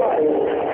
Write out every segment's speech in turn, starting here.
wà ní.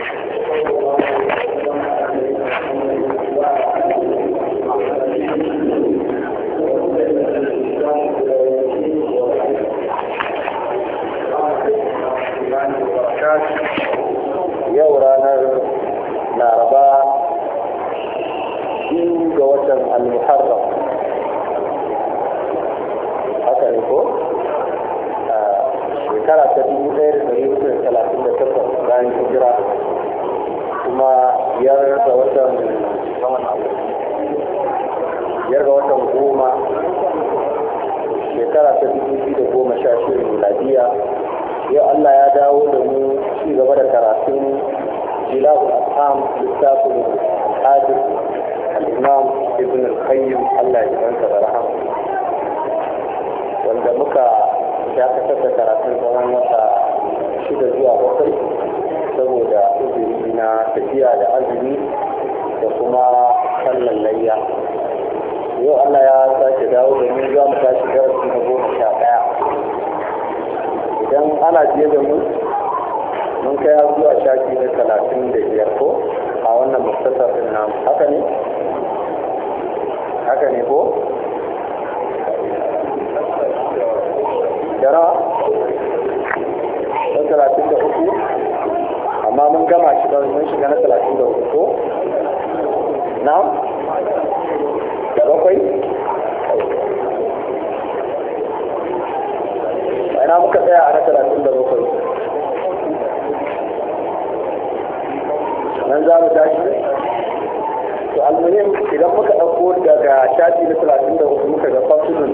na bakwai ina muka tsaya a na talatin da bakwai nan za mu tashi to almuhim idan muka ɗauko daga shafi na talatin da hudu muka ga fasulun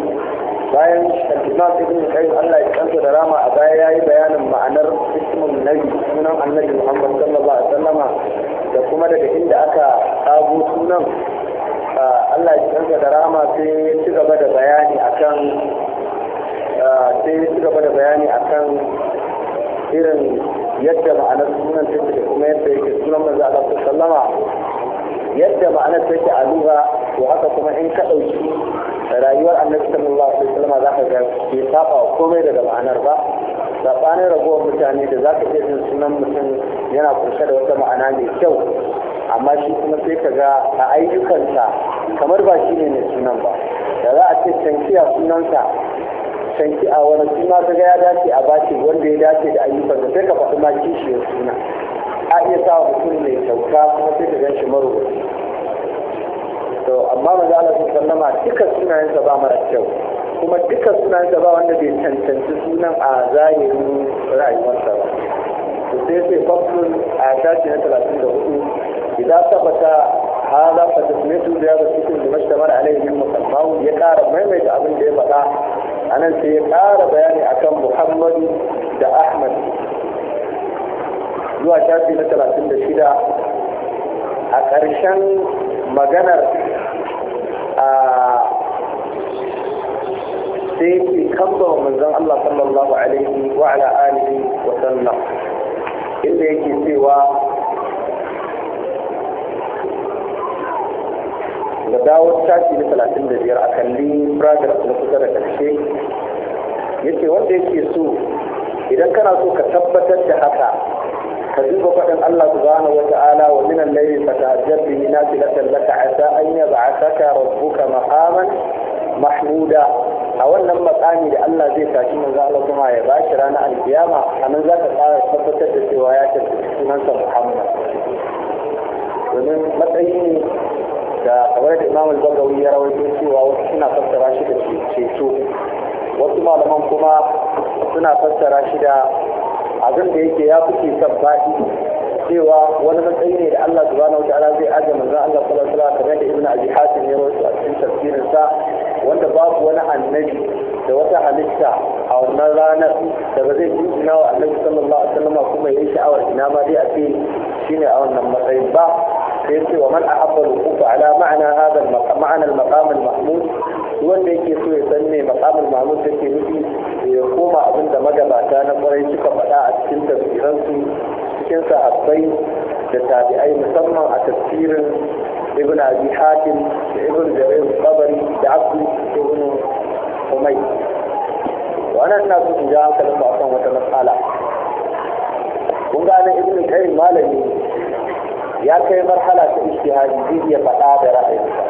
bayan al-imam ibn qayyim Allah ya kansa da rama a baya ya yi bayanin ma'anar ismun nabi sunan annabi Muhammad sallallahu alaihi wasallama da kuma daga inda nan Allah ya kanka da rama sai ya ci gaba da bayani akan sai ya ci gaba da bayani akan irin yadda ma'anar sunan take da kuma yadda yake sunan manzo Allah sallama yadda ma'anar take a lugha to haka kuma in ka dauki rayuwar annabi sallallahu alaihi wasallam za ka ga ke saba komai daga ma'anar ba sabanin ragowar mutane da za ka iya jin sunan mutum yana kusa da wata ma'ana mai kyau amma shi kuma sai ka ga a ayyukansa kamar ba shi ne mai sunan ba da za a ce tankiya sunansa tanki a wani suna ta ga ya dace a bashi wanda ya dace da ayyukansa sai ka faɗi ma kishiyar suna a iya sa mutum mai kyauta kuma sai ka gan shi marubuci to amma maza Allah sun sallama duka sunayensa ba mara kyau kuma duka sunayensa ba wanda bai cancanci sunan a zahirin rayuwarsa ba to sai sai fasulun a tashi na talatin da hudu إذا ثبت هذا فتسميته بهذا الشكل لما اشتمل عليه من مسماه يقار ميميت أبن دي بقى أنا سيقار بياني أكم محمد دا أحمد zuwa shafi na 36 a ƙarshen maganar a sai ke kamba Allah sallallahu alaihi wa ala wa sallam inda yake cewa da dawo tashi na talatin da biyar a kalli project na kusa da karshe yace wanda yake so idan kana so ka tabbatar da haka ka duba faɗin Allah wata ala wa min al-layli fatahajjab bihi nafilatan laka asa an yab'athaka rabbuka maqaman mahmuda a wannan makami da Allah zai tashi za Allah kuma ya bashi ranar alkiyama anan zaka tsara tabbatar da cewa ya tafi sunansa Muhammad domin matsayi ne da kamar da imam al-bagawi ya rawaito cewa wasu suna fassara shi da ceto wasu malaman kuma suna fassara shi da abin da yake ya fi ceton faɗi cewa wani matsayi ne da Allah subhanahu wa ta'ala zai aje manzon Allah sallallahu alaihi wasallam kamar da ibnu abi hatim ya rawaito a cikin tafsirin sa wanda babu wani annabi da wata halitta a wannan ranar da ba zai jinjina wa annabi sallallahu alaihi wasallam kuma yayi sha'awar ina ma dai a ce shine a wannan matsayin ba yace wa man ahabba al-wuquf ala ma'ana hadha ma'anar maqam ma'ana al-maqam al-mahmud wanda yake so ya san me maqam al-mahmud take nufi ya koma abinda magabata na kwarai suka faɗa a cikin tafsiransu cikin sahabbai da tabi'ai musamman a tafsirin ابن ابي حاتم ابن جرير الطبري لعبد ابن حميد وانا الناس جاء كلام بعضهم وتمثالا kun gane ibn kai malami ya kai marhala ta ishtihadi zai iya faɗa da ra'ayinsa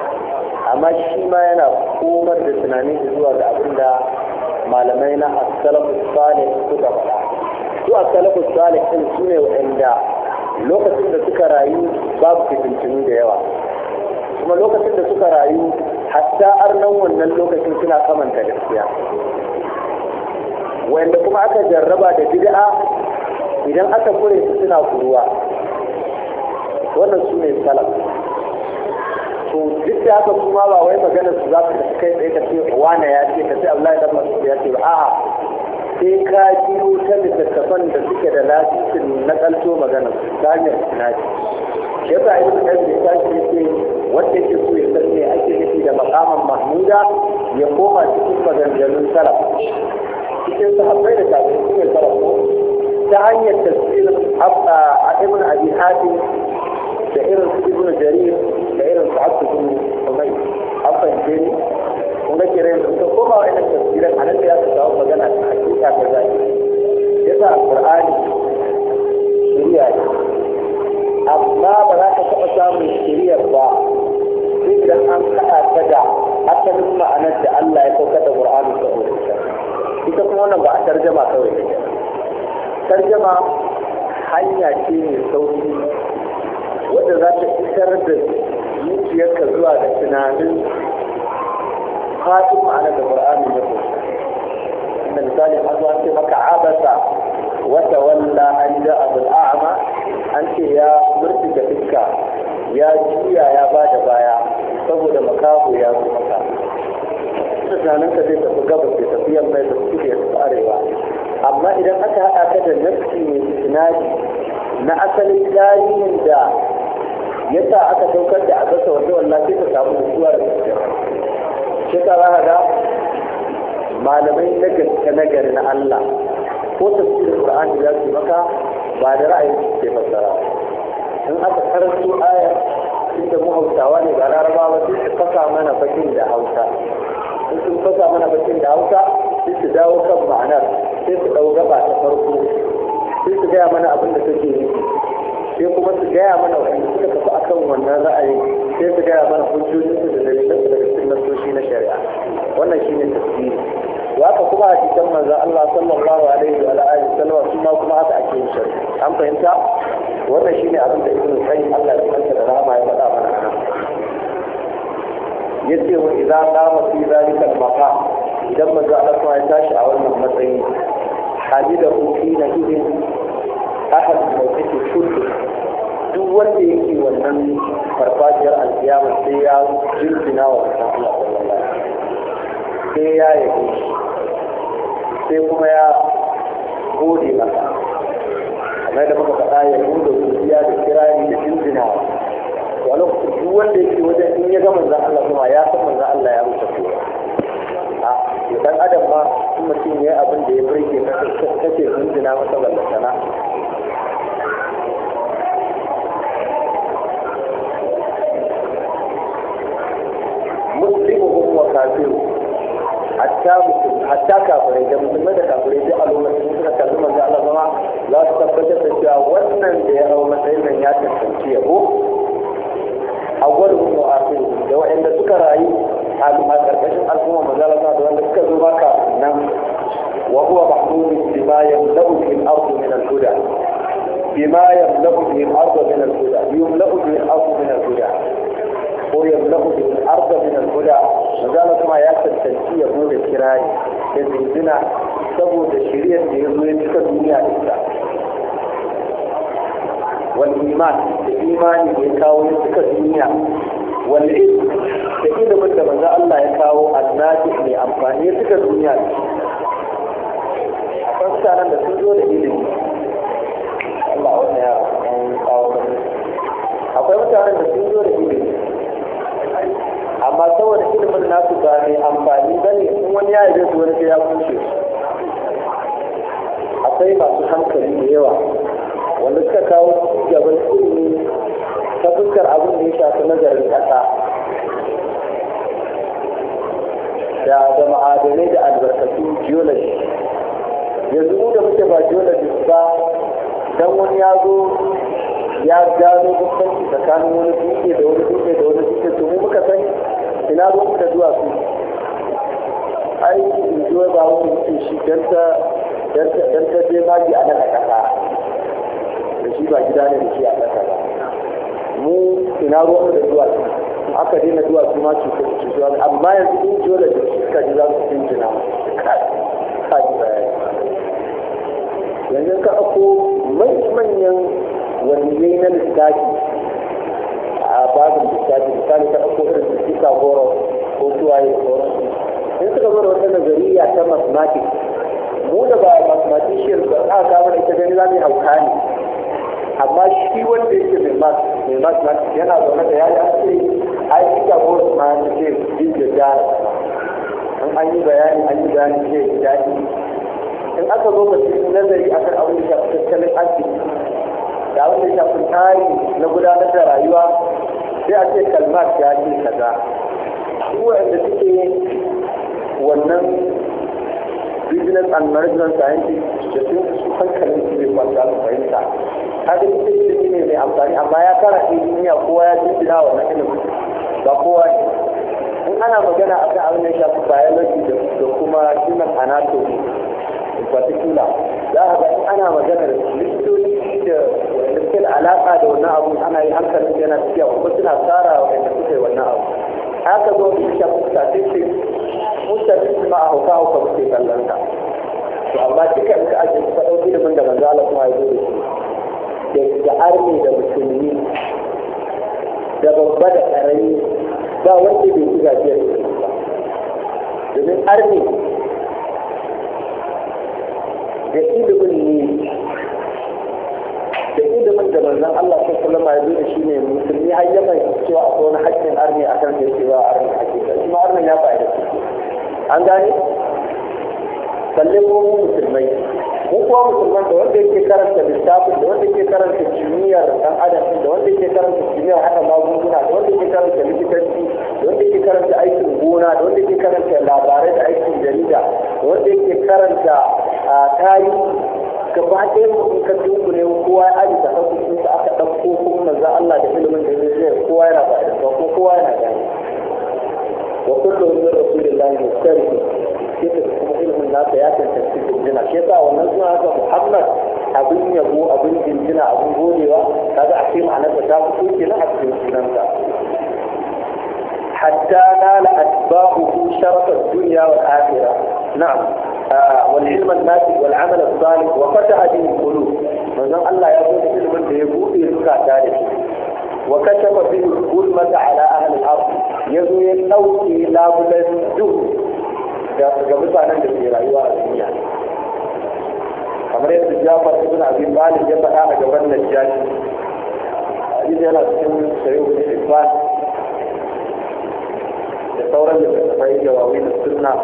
amma shi ma yana komar da tunanin zuwa ga abin da malamai na asalafu salih suka faɗa su asalafu salih ɗin su ne waɗanda lokacin da suka rayu babu fitintunu da yawa kuma lokacin da suka rayu hatta arnan wannan lokacin suna kamanta gaskiya wanda kuma aka jarraba da bid'a idan aka kure su suna kuruwa wannan su ne salaf to duk da haka kuma ba wai magana su za ka tafi kai tsaye ka ce wane ya ce ka ce Allah ya dan masu ya ce ba a'a sai ka biyo ta littattafan da suke da lasisin na kalto magana ta hanyar sinadi shi yasa ibn Qayyim ya tashi ce wanda ke so ya san me ake nufi da maqaman mahmuda ya koma cikin maganganun salaf cikin sahabbai da tabi'in salaf ko ta hanyar tafsirin ibn Abi Hatim da irin su ibn jarir da irin su abu ibn umay afan jini kun ga kiran su ta koma wa irin tafsirin a da ya su magana a hakika ta zaki yasa alqur'ani shiriya ne amma ba za ka taɓa samun shiriyar ba sai idan an kaɗa ta da asalin ma'anar da Allah ya sauka da Qur'ani saboda ita ita kuma wannan ba a tarjama kawai tarjama hanya ce mai sauki wadda za ta isar da zuciyarka zuwa da tunanin fatin ma'ana da ƙur'ani na kusa inda misali mazu an ce maka abasa wata walla an ja abul a'ama an ce ya murtuka fuska ya juya ya ba da baya saboda makaho ya zo maka tunaninka zai tafi gabas ya tafi yamma ya tafi kudu ya tafi arewa amma idan aka haɗa ka da nafsi mai sinadi na asalin tarihin da yasa aka saukar da abasa wanda wallah sai ka samu nutsuwa da gaskiya shi ta za ga malamai na gaske na gari na Allah ko tafsirin Qur'ani za su maka ba da ra'ayin su ke fassara in aka karanto aya inda mu Hausawa ne ba Larabawa sai su fasa mana bakin da Hausa in sun fasa mana bakin da Hausa sai su dawo kan ma'anar sai su dau gaba ta farko sai su gaya mana abin da take nufi. sai kuma su gaya mana wanda suka tafi akan wannan ra'ayin sai su gaya mana hujjojinsu da dalilansu daga cikin nasoshi na shari'a wannan shine tafsiri da haka kuma a cikin manzan Allah sallallahu alaihi wa alihi sallama su ma kuma haka ake yin shari'a an fahimta wannan shine abin da ibnu qayyim Allah ya kanta da rahama ya faɗa mana anan yace wa idza qama fi zalika al-maqa idan manzo Allah ya tashi a wannan matsayi halidahu fi nahidin ahad mai take shuddu duk wanda yake wannan farfajiyar alkiyama sai ya jirgina wa musamman Allah, sai ya yabo sai kuma ya gode masa kamar da muka faɗa ya nuna godiya da kirari da jirgina wa lokacin duk wanda yake wajen in ya ga manzan Allah kuma ya san manzan Allah ya rusa kowa dan adam ma in mutum ya abin da ya burge kake jinjina masa ballatana kafiru hatta mutum hatta kafirai da musulmai da kafirai duk al'umma sun suka kalli manzo Allah zama za su tabbatar da cewa wannan da ya hau matsayin nan ya tantance yabo A awwaluhum wa akhiruhum da wa'anda suka rayu a karkashin al'umma manzo Allah da wanda suka zo baka nan wa huwa mahmud bima yamla'u fil ardi min al-huda بما يملأ به الأرض من الهدى يملأ به الأرض من الهدى ويملأ به min من الهدى zama kuma ya tantance ya bude kirayi da zinzina saboda shiryar da ya zo ya cika duniya da ita Wani iman da imani da ya kawo ya cika duniya Wani ilm da ilimin da manzo Allah ya kawo annabi mai amfani ya cika duniya da ita nan da sun zo da ilimi ba mai amfani ba ne in wani ya yi su wani ya kushe akwai masu hankali da yawa wanda suka kawo gaban ilimi ta fuskar abin da ya shafi nazarin ƙasa da da ma'adanai da albarkatu geology yanzu mu da muke ba geology ba dan wani ya zo ya gano bambanci tsakanin wani dutse da wani dutse da wani dutse to mu muka san ina ruwan da zuwa su ai zuwa ba wani mutum shi don ta je ba a nan a kasa da shi ba gida ne da shi a kasa ba mu ina ruwan da zuwa su aka daina zuwa su ma cutar zuwa amma yanzu in jiyo da suka ji za su fi kai yanzu ka ako manyan wani yayi na lissafi a babin lissafi misali ka ako irin isa goro ko suwaye da goro in suka zo wata nazariya ta mathematics mu da ba mathematician ba a kama da ita gani za mu yi hauka ne amma shi wanda yake mai mathematics yana zaune da yaya ce ai isa goro ma ya ce bin da jara an an yi bayani an yi bayani ce daɗi in aka zo cikin nazari akan abin da shafi tattalin arziki da abin da shafi tsari na gudanar da rayuwa sai a ce kalmar ya ce kaza waɗanda suke wannan business and management scientist da sun hankalin su bai kwanta su fahimta kaga ita ilimi ne mai amfani amma ya kara ke duniya kowa ya jinjina wannan ilimin ba kowa ne in ana magana a kan abin da shafi biology da kuma human anatomy in particular za a ga in ana magana likitoci da wanda da alaƙa da wannan abu ana yi hankali yana tafiya kuma suna tsara wa yadda suka yi wannan abu haka zo da shi shafi statistics mu statistics ma a hauka hauka muke kallon ta to amma duka in ka aje su da ilimin da manzo Allah kuma ya zo da shi da army da musulmi da babba da ƙarami ba wanda bai ci gajiyar ba domin army da ilimin ne da ilimin da manzon Allah sallallahu alaihi ya zo da shi har yaman cewa a wani haƙƙin arni a kan sai armi a haƙƙin da kuma armi ya fa'ida an gane balle ko musulmai ko kuma musulman da wanda yake karanta littafin da wanda yake karanta kimiyyar dan adam da wanda yake karanta kimiyyar haka magunguna da wanda yake karanta likitanci da wanda yake karanta aikin gona da wanda yake karanta labarai da aikin jarida da wanda yake karanta ah, tarihi gaba ɗaya mutum ka dunkule kowa ya aji da kanku ɗauko hukumar za Allah da ilimin da zai kowa yana ba da kuma kowa yana gani wa kullum min rasulillahi mustarfi sai ka kuma ilimin nasa ya tantance jinjina shi yasa wannan suna haka Muhammad abin yabo abin jinjina abin godewa kaga a cikin ma'anar ta fito kenan a cikin sunansa hatta nala atba'uhu sharafa dunya wal akhirah na'am والعلم الناس والعمل الصالح وفتح به القلوب فنزل الله يقول علم اللي يقول يزكى ذلك وكشف به الظلمة على أهل الأرض يزوي الأوكي لا بد قبلت عن عندك في رأيوة الدنيا أمرية الجافر ابن أبي مالك يبقى أنا قبل النجاج إذا لا تكون سيوب الحفاظ يتورى لك فإن جواوين السنة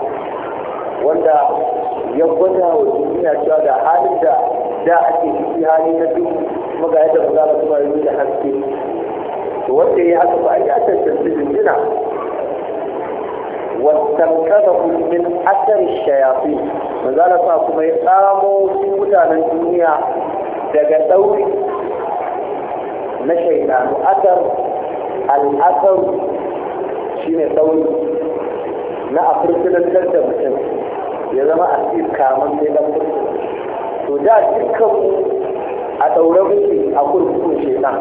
وانت ya gwada wa duniya cewa da halin da da ake ciki hali na duk maga yadda ba za ka kuma yi da haske to wanda ya haka ba ya tantance jinjina واستنقذه من أثر الشياطين مازال فاكم يقاموا سودا من الدنيا دقا دوري نشيطان أثر الأثر شين دوري na a fursunan da mutum ya zama a cikin kamar sai dan kurkuku to da dukkan a daure muke a kurkukun shekan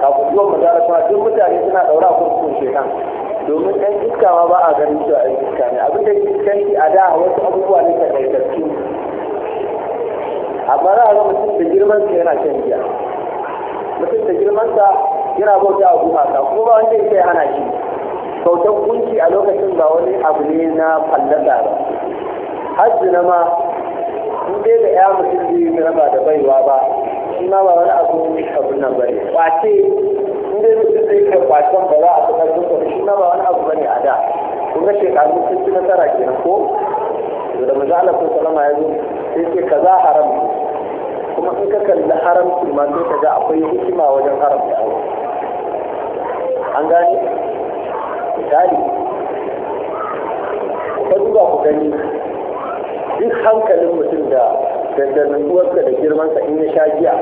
kafin zuwa mazara kuma duk mutane suna daure a kurkukun shekan domin ɗan iska ma ba a ganin cewa ɗan iska ne abin da iskanci a da wasu abubuwa ne takaitattu amma za a ga mutum da girman sa yana shan giya mutum da girman sa yana bauta a gumaka kuma ba wanda yake hana shi bautar kunci a lokacin ba wani abu ne na fallasa ba hajji na ma in dai da ya mutum zai yi raba da baiwa ba shi ma ba wani abu abin nan ne. kwace in dai mutum zai kai kwacen ba za a fi karfin ba shi ma ba wani abu ba ne a da kun ga shekaru sun ci nasara ke na, ko da mu Allah ko salama ya zo sai ce ka za haram kuma in ka kalli su ma sai ka ga akwai hikima wajen haramta abu an gane misali ka duba ku gani cikin hankalin mutum da da nutsuwarsa da girmansa in ya sha giya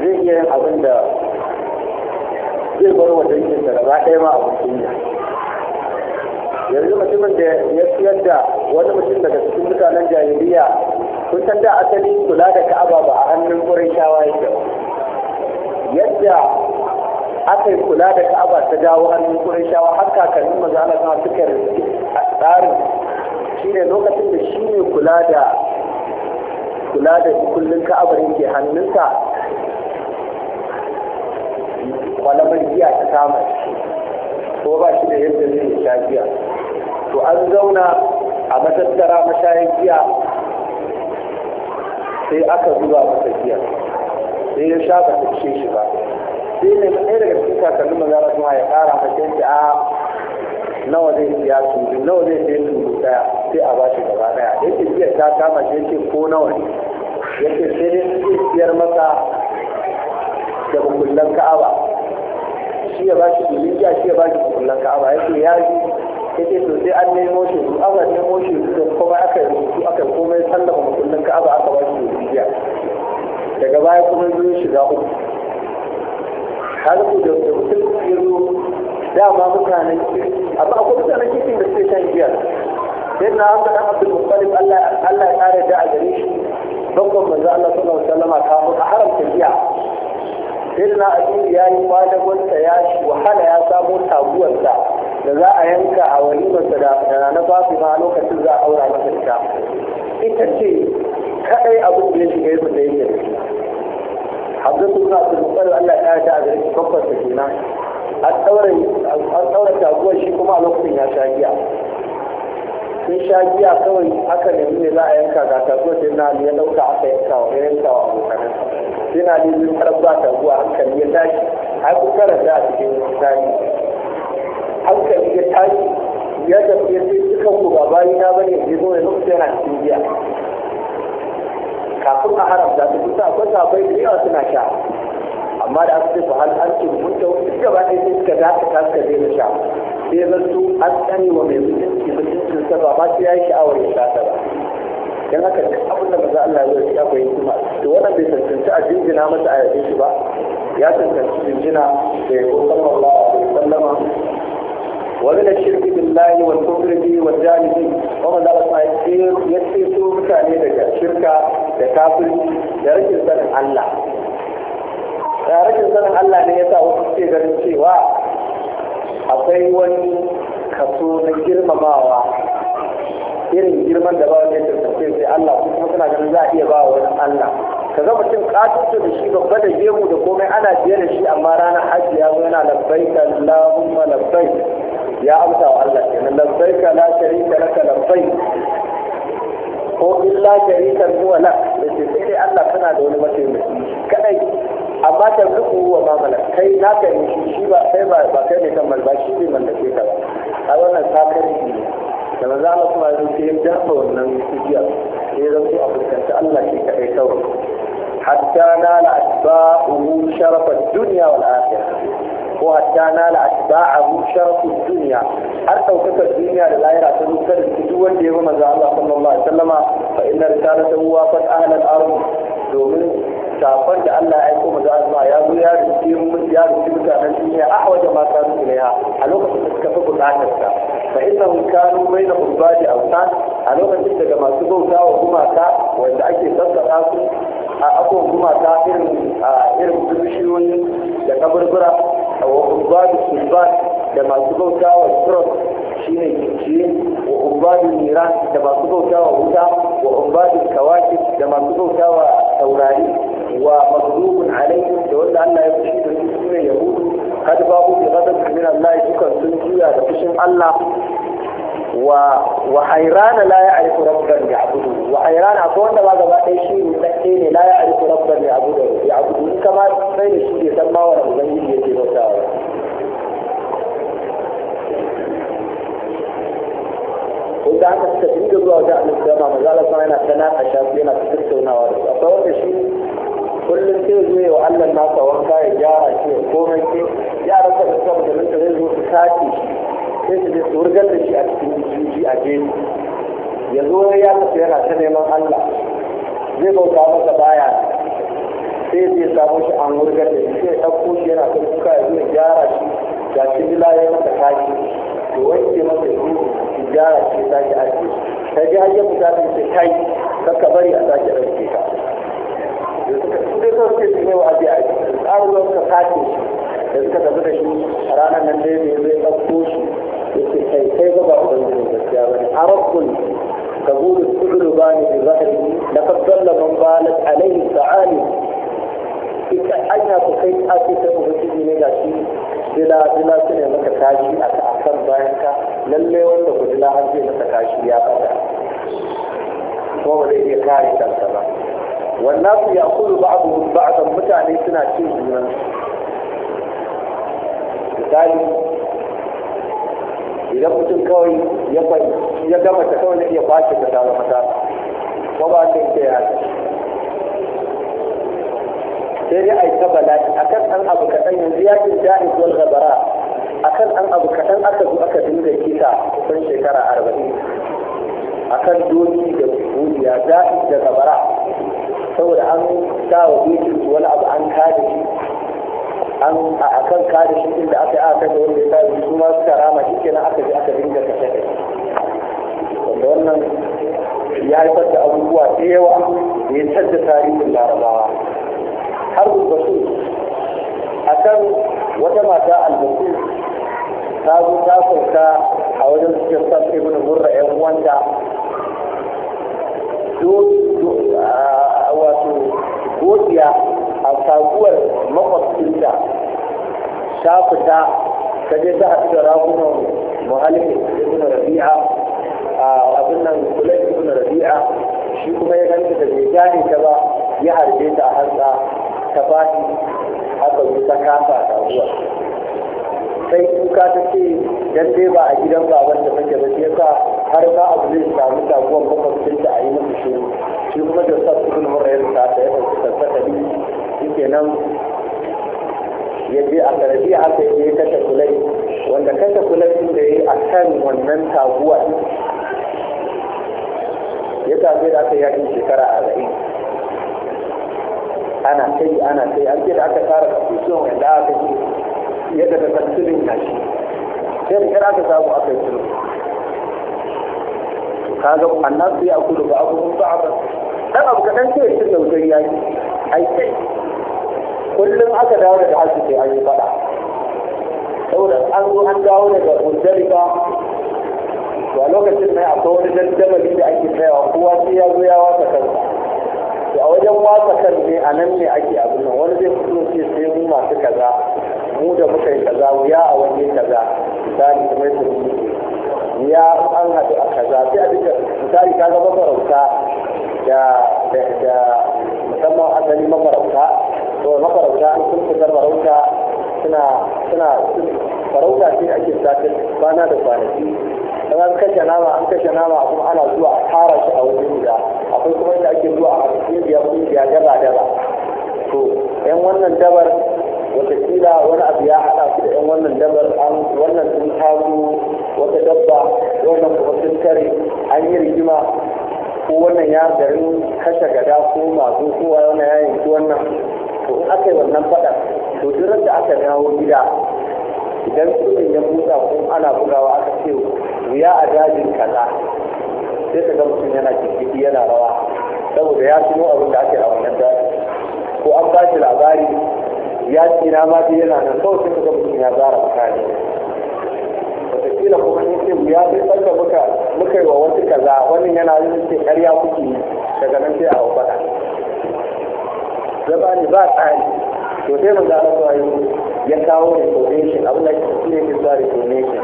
zai iya yin abin da zai bar wa da gaba ɗaya ma abin ya? yanzu mutumin da ya siyar da wani mutum daga cikin mutanen jahiliya sun san da asali kula da ka'aba ba a hannun ƙurin shawa yake yadda aka yi kula da ka'aba ta dawo hannun ƙurin shawa har kakannin maza ana sama suka tsarin ne lokacin da shi ne kula da kula da kullum ka'abar yake hannunsa kwalamar giya ta kama ko ba shi da yadda zai sha giya to an zauna a matattara mashayin giya sai aka zuba masa giya sai ya sha ba ta shi ba sai ne ɗaya daga cikin kakannin maza kuma ya ƙara mace a ah, nawa zai siya su nawa zai siya su daya gaba daya yake biyar ta kama shi yake ko nawa ne yake sai dai suke biyar masa da bukullan ka'aba shi ya ba shi biliya shi ya ba shi bukullan ka'aba yake ya ji yake to sai an nemo shi su aka nemo shi su da kuma aka yi rubutu aka komai sallama bukullan ka'aba aka ba shi biliya daga baya kuma zuwa shiga uku halittu da mutum ya zo dama mutanen abu akwai mutanen kirkin da suke shan giya sai na haka dan abdul muttalib Allah Allah ya kare da a gare shi bakon manzo Allah sallallahu alaihi wasallam kafin a haramta giya sai na abin ya yi kwadagon sa ya wahala ya samo taguwar sa da za a yanka a walimar sa da na bafi ma lokacin za a aura masa ita ita ce kadai abin da ya shiga yi yasa da yake Abdul Abdul Muttalib Allah ya kare da a gare shi bakon sa kenan an daura taguwar shi kuma a lokacin ya sha giya sai sha giya kawai haka ne ne za a yanka ga taguwa sai na ya dauka aka yanka wa yanka wa abokanan sai na ne zai ta zuwa hankali ya tashi ai kun karanta a cikin tsari hankali ya tashi ya tafiye sai ce dukan ku ba bayi na bane ya zo ya lokaci yana cikin giya kafin a haramta su kusa akwai bai da yawa suna sha amma da aka tafi hal an ce mutta duk gaba ɗaya sai suka dakata suka daina sha sai zan su an tsare wa mai mutunci mutuncin sa ba ma sai ya yi sha'awar ya sha ta ba dan haka duk abin da maza Allah ya yi akwai hikima to wannan bai tantance a jinjina masa a yabe shi ba ya tantance jinjina da ya ko sallallahu alaihi wasallama ومن الشرك بالله والكفر به والجهل به ومن ذلك ما يصير يصير سوء مكانه دجا شركه da kafirci da rashin sanin Allah da rashin sanin Allah ne ya sa wasu suke ganin cewa akwai wani kaso na girmamawa irin girman da ba wani yadda sosai sai Allah ko kuma suna ganin za a iya ba wa wani Allah ka ga mutum katoto da shi babba da gemu da komai ana biye da shi amma ranar hajji ya zo yana labbai ka Allahumma labbai ya amsa wa Allah kenan labbai ka la sharika laka labbai ko illa sharikan huwa lak da ce sai dai Allah kana da wani mutum kadai amma ta zuku wa mamala kai na ka yi shi ba kai ba ba kai ne kan malba shi bai mallake ka ba a wannan sakar ne da maza Allah kuma ya zuke ya dafa wannan kujiya sai zan so a fuskanci Allah shi kaɗai kawai hatta na la asba'uhu sharafa dunya wal akhirah ko hatta na la asba'uhu sharafa dunya har daukakar duniya da lahira ta zo kada duk wanda ya bi manzo Allah sallallahu alaihi wasallama fa inna risalatahu wafat ahlal ardh domin sakon da Allah ya aiko manzo Allah ya zo ya rubuce mun ya rubuce mutanen duniya a waje ma ta rubuce ne a lokacin da suka fi bukatar sa fa innahu kanu baina ubadi awsan a lokacin daga masu bauta wa gumaka wanda ake sassaka su a abubuwan gumaka irin irin bishiyoyi da kaburbura wa ubadi sulban da masu bauta wa strok shine kinciye wa umbadi miran da masu bauta wa wuta wa umbadi kawakin da masu bauta wa taurari ومغلوب عليهم تولى أن لا يكشف المسلمين يهود قد باقوا بغضب من الله سكر سنجيا لكشف الله و... وحيران لا يعرف ربا يعبده وحيران أقول ما قبع أي شيء متأكين لا يعرف ربا يعبده يعبده كما بين الشيء يسمى ولا مزيد يجب وتعالى وإذا أنت تستفيد الله جعل السلام مزالة ما أنا تناقش أبينا تكتبنا kullum sai zo yau Allah na Wani wanka ya gyara shi ya komai sai yaran ka da suka musulunta zai zo su sace sai su je su wurgar da shi a cikin jiji a jeji ya zo ya tafi yana ta neman Allah zai bauta masa baya sai zai samu shi an wurgar da shi sai ɗauko shi yana ta kuka ya zo ya gyara shi ga shi bila ya masa kaki to wanke masa ya zo gyara shi ya sake aiki ta ji har ya fita sai kai kakka bari a sake ɗauke ka suka su dai kawai suke su ne wa abi a ƙaru da suka kace shi da suka tafi da shi ranar nan dai ne zai ɗauko shi ya ce kai kai ba ba ubangiji gaskiya ba ne a da ba rabbul تقول الثعلبان بظهره لقد ضل من بالت عليه الثعالب ita hanya ku kai ake ta ubangiji ne ga shi dila dila su ne maka kashi a kan bayan ka lalle wanda ku dila an ce maka kashi ya fada kuma ba zai iya kare kansa ba wannan su ya kudu ba abu ba ba'adan mutane suna cin junan misali idan mutum kawai ya gama ta kawai na iya bashi ta dama mata ko ba ta ita ya sai dai a yi ta bala'i akan an abu kaɗan yanzu ya cin jahiz wal gabara akan an abu kaɗan aka zo aka dinga kisa kusan shekara arba'in akan doki da buriya jahiz da gabara saboda an sa wa bitin wani abu an kada shi an a kan kada shi inda aka yi aka da wanda ya sa kuma su karama shi kenan aka ji aka dinga kashe kai wanda wannan ya haifar da abubuwa da yawa da ya canza tarihin larabawa har basu a kan wata mata albasu ta zo ta sauka a wajen suke san ibn murra yan uwanta kaguwar makwabcinta ta fita ta je ta haɗu da ragunan muhallin ibn rabi'a a abin nan kula ibn rabi'a shi kuma ya ganta da bai gane ta ba ya harbe ta a hanta ta fashi haka ta kafa kaguwar sai kuka ta ce dan dai ba a gidan baban da take ba sai ka har ba abu zai samu sabuwar makwabcin a yi masa shiru shi kuma da sa su kuma mura yin ta yi ta kenan ya je a karbi aka je kashe kulai wanda kashe kulai da yi a kan wannan taguwa ya tafi da aka yakin shekara a zai ana kai ana kai an ce da aka tara kasusuwan wanda aka ce ya daga tattalin na shi sai da kira aka samu aka yi sulhu kaga annabi ya kudu ba abu ba dan abu kadan sai shi da wajen yaki ai kai kullum aka dawo daga hajji sai an yi fada saboda an zo an dawo daga muzdalifa to a lokacin nan akwai wani dandamali da ake tsayawa kowa sai ya zo ya wasa kansa to a wajen wasa kan ne a nan ne ake abin nan wani zai fito ce sai mu masu kaza mu da muka yi kaza wuya a waje kaza misali kuma yadda mu wuya an haɗu a kaza sai a duka misali ka ga mafarauta da da musamman asali mafarauta mafarauta an sun fitar farauta suna suna farauta ce ake satin bana da kwanaki dan an kashe nama an kashe nama kuma ana zuwa a fara shi a wani guda akwai kuma inda ake zuwa a kungiya kungiya daba daba to yan wannan dabar watakila wani abu ya haɗa su da yan wannan dabar an wannan sun taso wata dabba wannan kuma sun tare an yi rigima ko wannan ya garin kashe gada ko masu kowa wannan ya yanki wannan to in aka yi wannan faɗa to duk da aka dawo gida idan sunan ya buɗa ko ana bugawa aka ce wuya a dajin kaza sai ka ga mutum yana jiki yana rawa saboda ya tuno abin da ake a wannan dajin ko an ba shi labari ya ci na ma dai yana nan kawai sai ka ga mutum ya zara mutane wataƙila kuma in ce wuya sai sanda muka muka yi wa wasu kaza wannan yana yin ce ƙarya kuke daga nan sai a faɗa ba ni ba tsari to sai mun zama wayo ya kawo reformation abin da ake tafiya ke zuwa reformation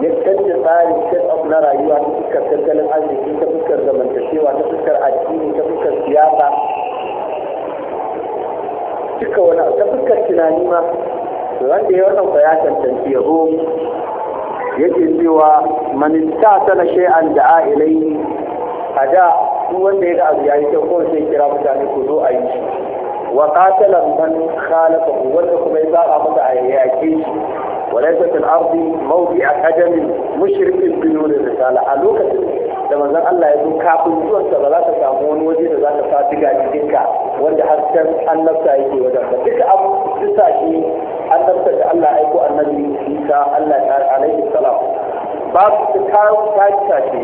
ya canza tsari set up na rayuwa ta fuskar tattalin arziki ta fuskar zamantakewa ta fuskar addini ta fuskar siyasa cika wani ta fuskar tunani ma wanda ya wannan ba ya tantance yabo yake cewa manista sana shay'an da a ilaihi a da duk wanda ya ga abu yayi kyau kawai sai kira mutane ku zo a yi shi wa qatala man khalafa wanda kuma ya zaba masa a yake shi وليس في الأرض موضع قدم مشرك بنور الرسالة ألوك da manzon Allah ya zo kafin zuwan sa ba za ta samu wani waje da za ta sa diga cikinka wanda can annabta yake wajen ka duka abu duka shi annabta da Allah ya aiko annabi Isa Allah ta alaihi salam ba su ta ta ta ce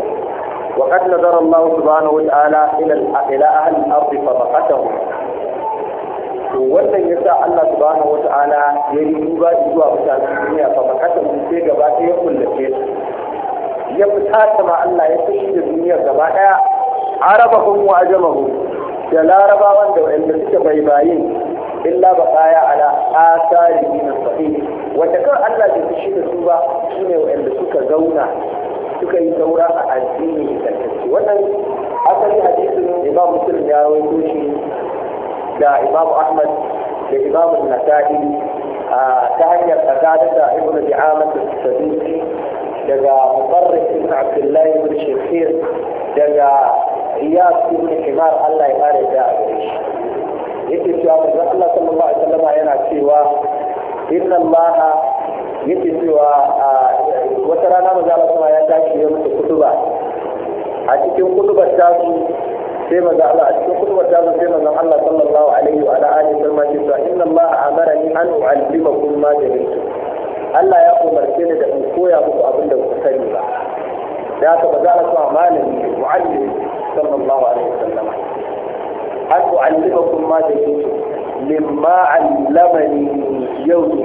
wa qad nazara Allah subhanahu wa ta'ala ila ila ahli to wannan sa Allah subhanahu ana ya yi duba zuwa mutanen duniya fa kasa mun sai gaba ɗaya ya kullace su ya fita ma Allah ya fi da duniyar gaba ɗaya kun wa ajamahum da larabawan da wanda suke bayin illa kaya ala asari min sahih wata kan Allah ya shi da su ba shine wanda suka zauna suka yi saura a addini da wannan asali hadisin Imam Muslim ya rawaito shi da imam ahmad da imam nasa'i ta hanyar tsakanin da ibn bi'amad da sadusi daga mubarrik ibn abdullahi ibn shakir daga iyas ibn himar allah ya fara da shi yake cewa manzon allah sallallahu alaihi wasallam yana cewa inna allaha yake cewa wata rana manzon allah ya tashi ya mutu kutuba a cikin kutubar su. sai maza Allah a cikin kutubar ta sai maza Allah sallallahu alaihi wa alihi inna Allah amarani an u'allimakum ma Allah ya umarce ni da in koya muku abin da sani ba da haka ba za a so malami mu'allim sallallahu alaihi wa sallam an u'allimakum ma 'allamani yawmi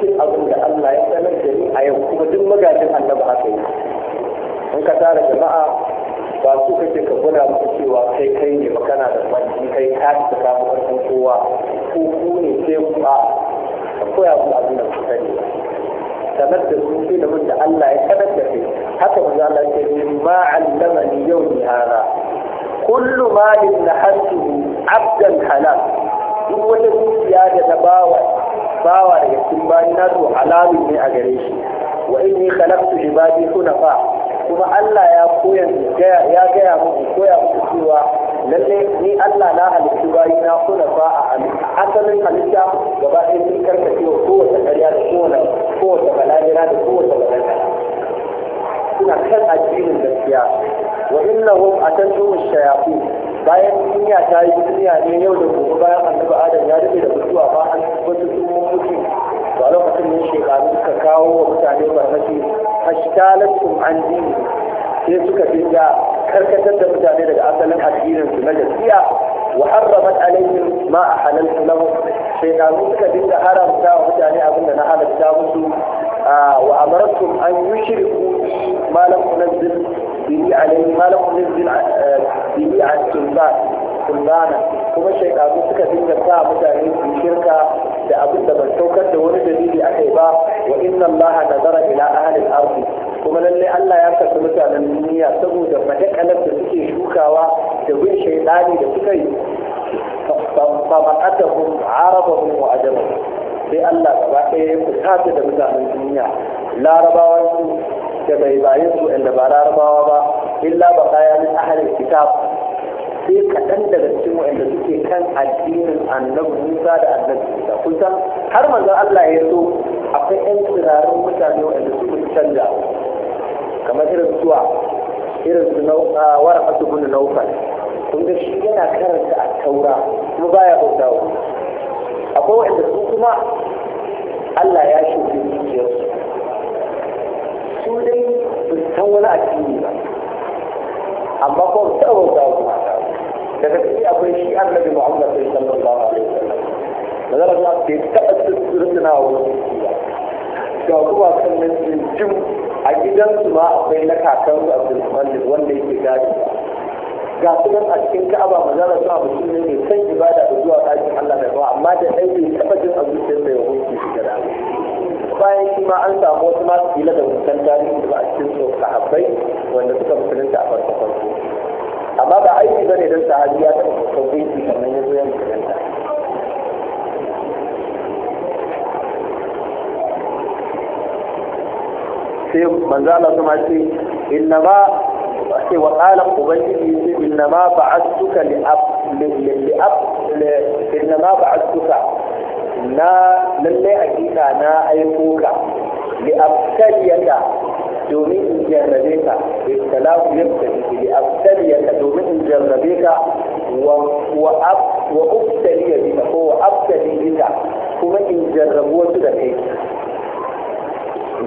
cikin abin da Allah ya sanar da ni a yau kuma duk magajin annabi haka yi in ka tara jama'a ba su kake ka gwada musu cewa kai kai ne ba kana da kwanci kai ka ci ka samu ƙarfin kowa ko ku ne sai ku ba ka koya mu abin da ku sani sanar da su ilimin da Allah ya sanar da kai haka mu zala ce mimma allamani yawmi hada kullu malin nahatuhu abdan halal duk wata dukiya da na bawa bawa daga cikin bayi na to halalun ne a gare shi wa inni khalaqtu ibadi hunafa kuma Allah ya koya ya gaya muku koya muku cewa lalle ni Allah na halittu bayi na kuna ba a asalin halitta gaba ɗaya sun karkace wa kowace ƙarya da kowace kowace balagina da kowace balagina suna kan addinin gaskiya wa can atantum shayatin bayan duniya ta yi duniya ne yau da gobe bayan annabi Adam ya rike da mutuwa ba an wasu وعلى وقت من الشيطان كاكاو ومتعلم برمتي اشتالتهم عن دين سيسوك بيجا كركتا دمتا ديدك أصلا حكينا في مجد وحرمت عليهم ما أحللت لهم شيطان سيسوك بيجا حرم كاو متعلم أبنى وأمرتهم أن يشركوا ما لم نزل به ما لم نزل به على kullana kuma shekaru suka dinga sa mutane su shirka da abin da ban saukar da wani dalili a kai ba wa inna allaha nazara ila ahlil ardi kuma lalle Allah ya karɓi mutanen duniya saboda madakalar da suke shukawa da bin shaidani da suka yi fa maqatahum arabahum wa sai Allah gaba ɗaya ya fusata da mutanen duniya larabawa su da bai bayin inda ba larabawa ba illa baqaya min ahlil kitab sai kaɗan daga cikin waɗanda suke kan addinin annabi Musa da annabi Musa kusan har manzo Allah ya so akwai ƴan tsirarin mutane waɗanda suke canja kamar irin zuwa irin su wara fasu bin naufal kun ga shi yana karanta a taura kuma baya bautawa akwai waɗanda su kuma Allah ya shuke zuciyarsu su dai ba san wani addini ba amma kuma su taɓa bautawa daga ciki akwai shi annabi muhammad sallallahu alaihi wasallam da zara zuwa ke taɓa tsirrina wa wasu ga kuma sannan jim a gidan su ma akwai na kakansu abdulmalik wanda yake gadi ga su a cikin ka'aba ma zara zuwa mutum ne mai san ibada da zuwa ɗakin allah da ruwa amma da ɗan bai taba jin a zuciyarsa ya hukunci shi da rana bayan shi ma an samu wasu masu fila da wutan tarihi da ba a cikin tsohon sahabbai wanda suka musulunta a farko farko amma ba aiki ba ne don sahabi ya taɓa kusurbe shi kamar ya zo ya musulunta sai manzo Allah kuma ce inna ma sai wa qala ubangiji inna ma ba'athuka li ab li ab inna ma ba'athuka na lalle hakika na aiko ka li abtaliyaka domin in jarrabe ka ibtalahu yabtali bi abtaliyaka domin in jarrabe ka wa abtaliya bika ko wa abtali bika kuma in jarrabu wasu da kai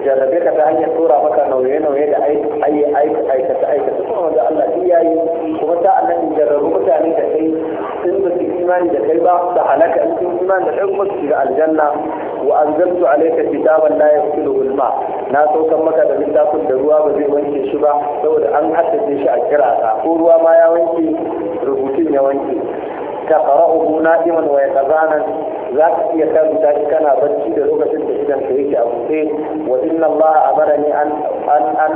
jarrabe ka ta hanyar tura maka nauye-nauye da aikata aikata kuma wanda Allah shi ya yi kuma ta annan jarrabu mutane da kai sun ba su imani da kai ba su halaka in sun imani da kai kuma su shiga aljanna wa anzaltu alayka kitaban la yaqtuluhu al na saukan maka da littafin da ruwa ba zai wanke shi ba saboda an haddace shi a kirata ko ruwa ma ya wanke rubutun ya wanke ka fara'uhu na'iman wa yatazanan za ka iya karanta shi kana barci da lokacin da idan ka yake a buɗe wa inna Allah amara ni an an an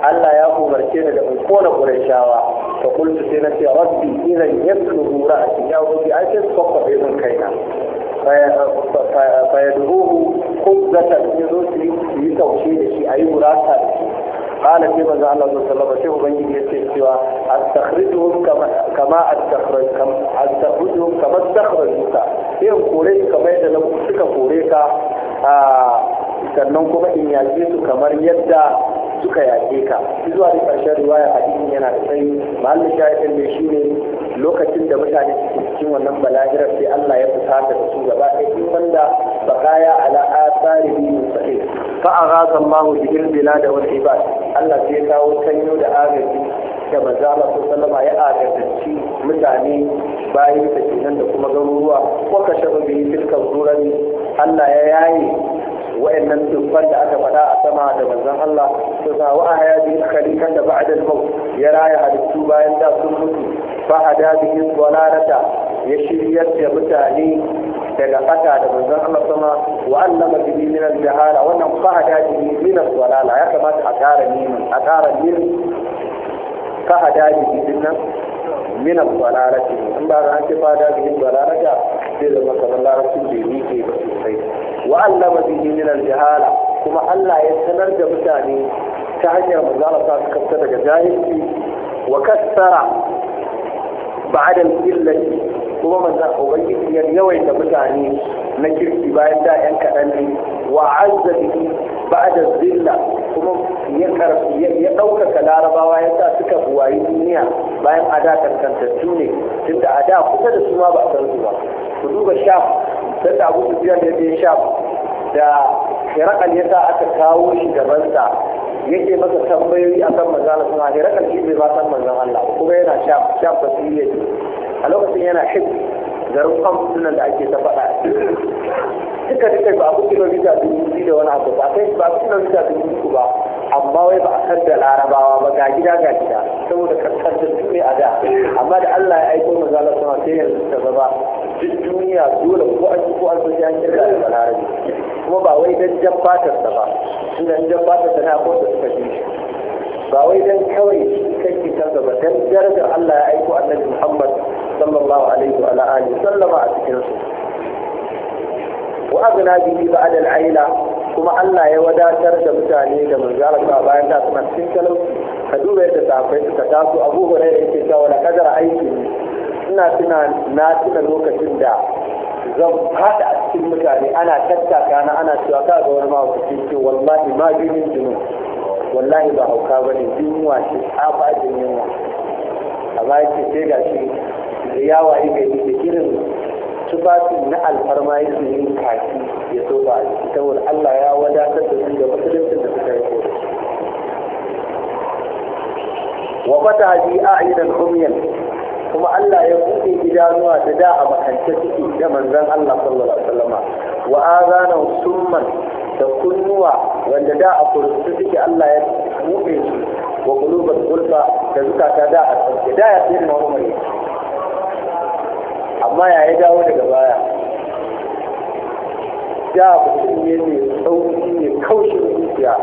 Allah ya umarce ni da in kona qurayshawa fa qultu sai na ce rabbi idan yaslu hura ati ya rabbi ai sai tsoka bai mun kaina fa fa fa yaduhu kubzatan yuzuti yi taushe da shi ayi burata da shi qala sai manzo Allah sallallahu alaihi wasallam sai ubangiji yace cewa astakhrijuhum kama kama astakhraj kam astakhrijuhum kama astakhrajuka sai kore kamar da suka kore ka sannan kuma in yaƙe su kamar yadda suka yaƙe ka zuwa da ƙarshen riwaya hadisin yana da tsayi mahallin shari'ar mai shi ne lokacin da mutane suke cikin wannan balagirar sai Allah ya fusata da su gaba ɗaya in banda bakaya ala asari bi musahi fa aghaza Allah bi bila da wani ibad Allah sai ya kawo kanyo da agaji da manzo Allah salama ya agaji mutane bayan da kenan da kuma garuruwa ko ka kashe bi dukkan zurani Allah ya yaye wayannan dubban da aka faɗa a sama da manzon Allah to sa wa haya bi khalikan da ba'da al-maut ya raya halittu bayan da sun mutu fa hada bihi dalalata ya shiryar da mutane daga fata da manzon Allah sama wa allama bihi min al-jahala wannan fa hada bihi min dalala ya kamata a ƙara nimin a ƙara nimin fa hada bihi dinnan min al-dalalati in ba ran ce fa hada bihi dalalata sai da makamallar sun bai miƙe ba Wa'allama allama bihi min al-jahala kuma Allah ya sanar da mutane ta hanyar manzala ta su kafta daga jahilci wa kassara ba'da al-illati kuma manzan ubangiji ya yawaita mutane na kirki bayan da yan kaɗan ne wa azza bihi ba'da zilla kuma ya karfi ya ɗaukaka larabawa ya sa suka buwayi duniya bayan ada kankantattu ne tunda ada kusa da su ma ba san su ba ku duba sha don da abu da ya sha da herakal ya sa aka kawo shi sa, yake masa tambayoyi akan manzan Allah herakal shi bai ba san manzan Allah kuma yana sha sham basiriya a lokacin yana hib da rukun sunan da ake ta faɗa duka duka ba abu kilomita dubu biyu da wani abu ba kai ba kilomita dubu ku ba amma wai ba a san da larabawa ba ga gida ga gida saboda karkar da su ne a da amma da Allah ya aiko mu zalla sama sai yanzu ta zama duk duniya dole ko an ko an so sai an kirga da larabi kuma ba wai dan jabbatar da ba tunda jabbatar da na ko da suka ji ba wai dan kawai kake kansa ba dan darajar Allah ya aiko annabi Muhammad sallallahu alaihi wa alihi sallama a cikin su wa agna bihi ba'da al-aila kuma Allah ya wadatar da mutane da manzara sa bayan da suna cikin kalau ka duba yadda safai suka taso Abu Hurairah yake cewa da kadar aiki ina tuna na tuna lokacin da zan fada a cikin mutane ana tattaka na ana cewa ka ga wani mahaukaci ce wallahi ma jinin jinin wallahi ba hauka ba ne yunwa ce tsafa jin yunwa ba yake sai ga shi da yawa yi gari da irin tufafi na alfarma yake yin kaki ya so ba a saboda Allah ya wadatar da su da musulunci da suka yi kodi wa fata bi a'idan umyan kuma Allah ya buɗe idanuwa da da a makance suke da manzon Allah sallallahu alaihi wasallama wa azana summan da kunnuwa wanda da a kurkutu suke Allah ya buɗe su wa qulubat qulfa da zukata da a tsanke da ya tsira na umar amma ya yi dawo daga baya da mutum ne ne sauki ne kaushin zuciya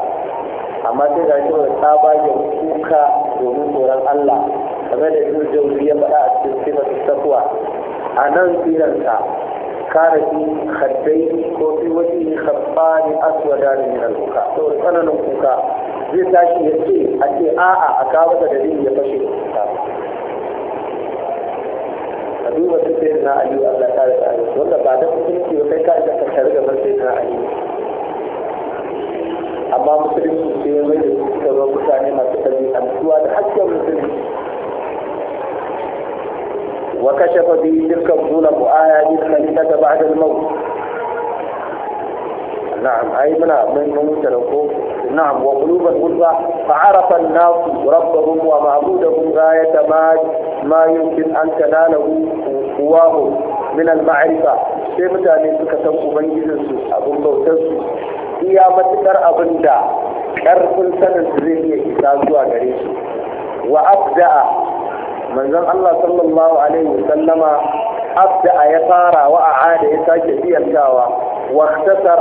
amma sai ga shi wani tsabagen kuka domin tsoron Allah game da yin jauri ya faɗa a cikin sifar takwa a nan tsiransa kare fi haddai ko fi wani khabbani aswada da min al-kuka saboda tsananin kuka zai tashi ya ce a ce a'a a kawo da dalili ya fashe da kuka ka duba ta sai na aliyu allah ta rika aliyu wanda ba da musulunci ba kai ka ji ka tare da sai na aliyu amma musulunci sai mai da shugaban mutane masu ɗabi'antuwa da hasken musulunci وكشف به تلك الظلم آية الخليفة بعد الموت نعم أي من من موت الحقوق نعم وقلوب الغزة فعرف الناس ربهم ومعبودهم غاية ما ما يمكن أن تناله قواه من المعرفة كيف نسك تنقو من جنسو أبو الله تنسو قيامة تر كل سنة زيني إتاسوا غريسو وأبدأ وأبدع منزل الله صلى الله عليه وسلم أبدع يطارا وأعاد يساك في الكاوة واختصر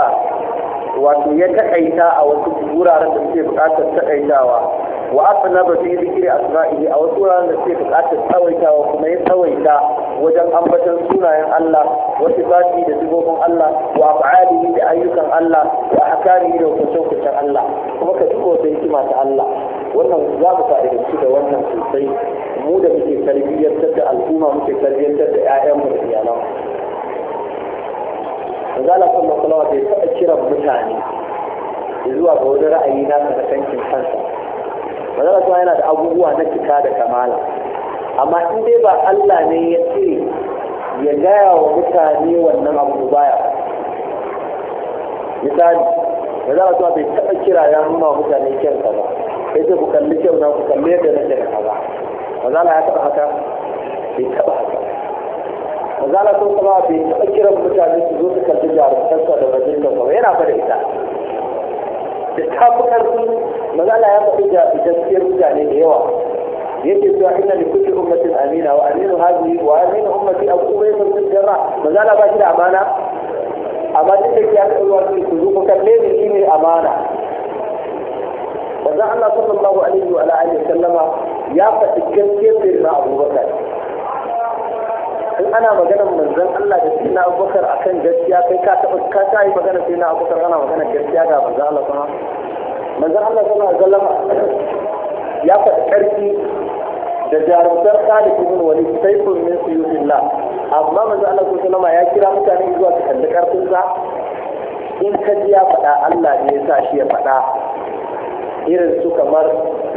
wato ya takaita a wasu wuraren da suke buƙatar takaitawa wa asnaba fi zikri asma'ihi a wasu wuraren da suke buƙatar tsawaitawa kuma ya tsawaita wajen ambatan sunayen Allah wasu zafi da sifofin Allah wa af'alihi da ayyukan Allah wa ahkamihi da hukuncin Allah kuma ka duba wata hikima ta Allah wannan za mu fa'idanci da wannan sosai mu da muke tarbiyyantar da al'umma muke tarbiyyantar da 'ya'yanmu da iyalanmu zala kuma kulawa bai taɓa kiran mutane zuwa ga wani ra'ayi na ta tankin kansa manzala kuma yana da abubuwa na cika da kamala amma in dai ba Allah ne ya ce ya gaya wa mutane wannan abu baya misali manzala kuma bai taɓa kira ya nuna mutane kyanta ba sai ce ku kalli kyau na ku kalli yadda na kyansa ba manzala ya taɓa haka bai taɓa haka mazala sun kuma bai taɓa kiran mutane su zo su kalli jarumtarsa da bajinta ba yana bada ita da tafukan su mazala ya faɗi da gaskiyar mutane da yawa yake cewa inna li kulli ummatin amina wa aminu hadhihi wa aminu ummati al-qubayt fil jarra mazala ba shi da amana amma duk da ya kaɗa ruwa su zo ku kalle ni shi ne amana manzo Allah sallallahu alaihi wa alihi sallama ya faɗi gaskiyar da Abubakar in ana maganar manzon Allah da sina Abubakar kan gaskiya kai ka taba ka ta yi magana sina Abubakar ana magana gaskiya ga manzon Allah kuma manzon Allah sallallahu alaihi wasallam ya faɗi ƙarfi da jarumtar Khalid ibn Walid sayfun min suyutillah amma manzon Allah sallallahu alaihi ya kira mutane zuwa su kalli ƙarfin sa in ka ji ya faɗa Allah ne ya sa shi ya faɗa irin su kamar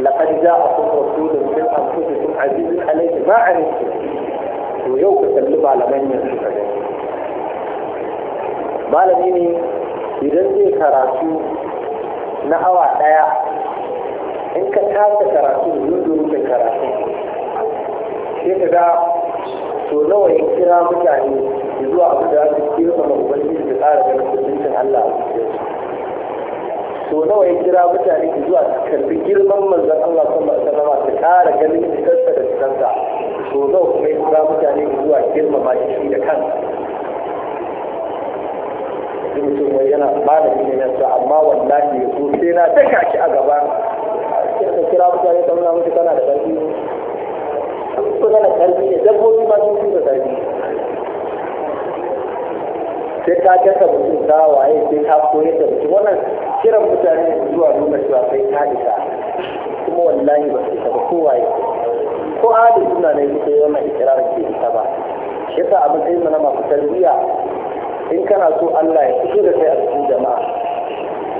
laqad ja'akum rasulun min anfusikum azizun alayhi ma anittum to yau ka kalli malaman yanzu su gani malami ne idan zai karatu na awa ɗaya in ka tasa karatu zuwa rufe karatu sai ka ga to nawa ya kira mutane zuwa abu da su ke yi ma ubangiji da tsara da kusurin Allah a nawa ya kira mutane zuwa su karbi girman manzon Allah sallallahu alaihi wasallam ta tsara ganin sa da sansa so zau kuma ya kura mutane zuwa girmama shi da kan sai mutum wai yana ba da ne sa amma wallahi ya so sai na daka shi a gaba sai kira mutane ta nuna musu kana da ƙarfi ko kana ƙarfi ne dabbobi ma sun fi da ƙarfi sai ka gasa mutum ta waye sai ka koyar da mutum wannan kiran mutane zuwa nuna cewa sai ka isa kuma wallahi ba su isa ba kowaye ko ahli suna ne yake yana ikirar ke ita ba shi ta abin sai mana masu tarbiyya in kana so Allah ya fito da kai a cikin jama'a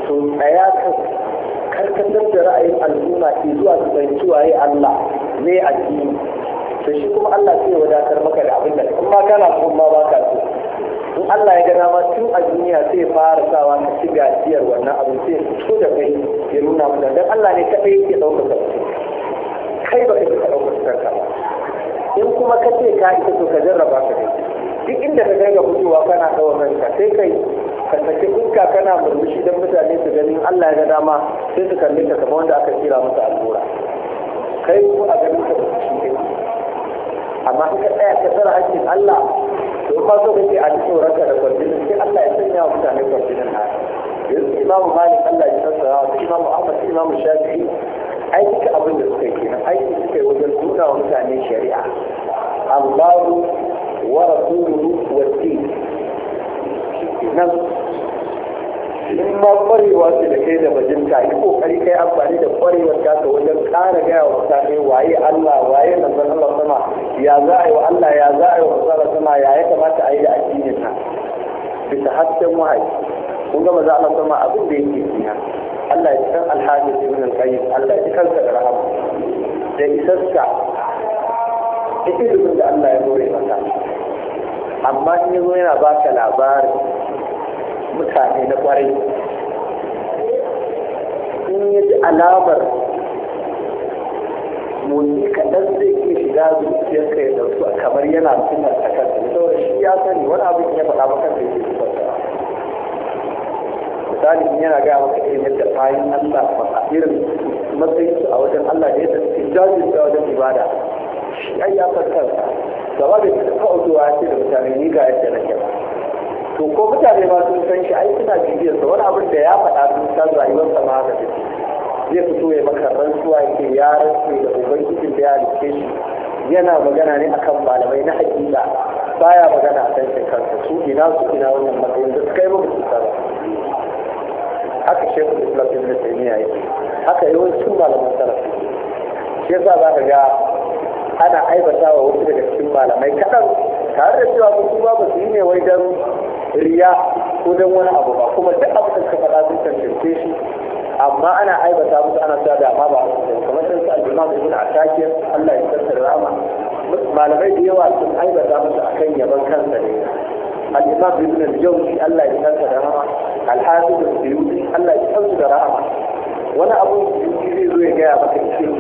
to tsaya kan karkatar da ra'ayin al'umma ke zuwa su fahimci waye Allah ne addini to shi kuma Allah sai wadatar maka da abin da kuma kana so ma ka so in Allah ya gana ma tun a duniya sai fara sawa ka ci gajiyar wannan abin sai fito da kai ya nuna mu dan Allah ne kadai yake ɗaukaka kai ba ka ji kaɗan kusurka ba in kuma ka ce ka ita to ka jarraba ka ne duk inda ka kai ga fitowa kana ɗaura ranka sai kai ka saki fuska kana murmushi don mutane su ganin Allah ya ga dama sai su kalli ka kamar wanda aka kira masa allura kai ko a ganin ka shi ne amma in ka tsaya ka tsara hakkin Allah to ba so kake a cikin ranka da kwanciyar sai Allah ya sanya wa mutane kwanciyar na yanzu imamu malik Allah ya sassara wa imamu ahmad imamu shafi'i Aiki duka abin da suka yi kenan aiki suka yi wajen nuna wa mutane shari'a Allahu wa rasuluhu wa din nan in ma kwarewa su da kai da bajinta yi kokari kai amfani da kwarewar taka wajen ƙara gaya wa mutane waye Allah waye manzon Allah sama ya za a yi wa Allah ya za a yi wa manzon sama ya ya kamata a yi da addinin nan bisa hasken wahayi kun ga maza Allah sama abin da yake fiya Allah ya san alhaji da al-qayyim Allah ya kansa da rahama da isarsa ita ilimin da Allah ya dore maka amma in yazo yana ka labarin mutane na kwarai in yi ji alamar muni kaɗan zai iya shiga zuciyarka ya dauki kamar yana tunan a kansa saboda shi ya sani wani abin ya faɗa maka da ke zuciyarsa misali in yana gaya maka irin yadda bayan Allah ba a irin matsayin su a wajen Allah da yadda suke jajirta wajen ibada shi ai ya farkar sababin da ta fa'uduwa ya ce da mutane ni ga yadda nake ba to ko mutane ba sun san shi ai suna bibiyar sa wani abin da ya faɗa sun san sa ma haka take zai fito ya maka rantsuwa ke ya rantsu da ubangiji da ya rike shi yana magana ne akan malamai na hakika baya magana a kan kansa su ina su ina wannan matsayin da suka yi ba su haka shehu islam ibn taymiya yake haka yawancin malaman salafi shi yasa za ka ga ana aibata wa wasu daga cikin malamai kaɗan tare da cewa su ba su yi ne wai don riya ko don wani abu ba kuma duk abu da suka faɗa sun tantance shi amma ana aibata musu ana sa da amma ba kamar sun sa al-imam ibn asakir Allah ya tsara rama. malamai da yawa sun aibata musu akan yaban kansa ne al-imam ibn al-jawzi Allah ya tsara rama. alhafiz al-suyuti Allah ya san da rahama wani abun suyuti zai zo ya gaya maka cikin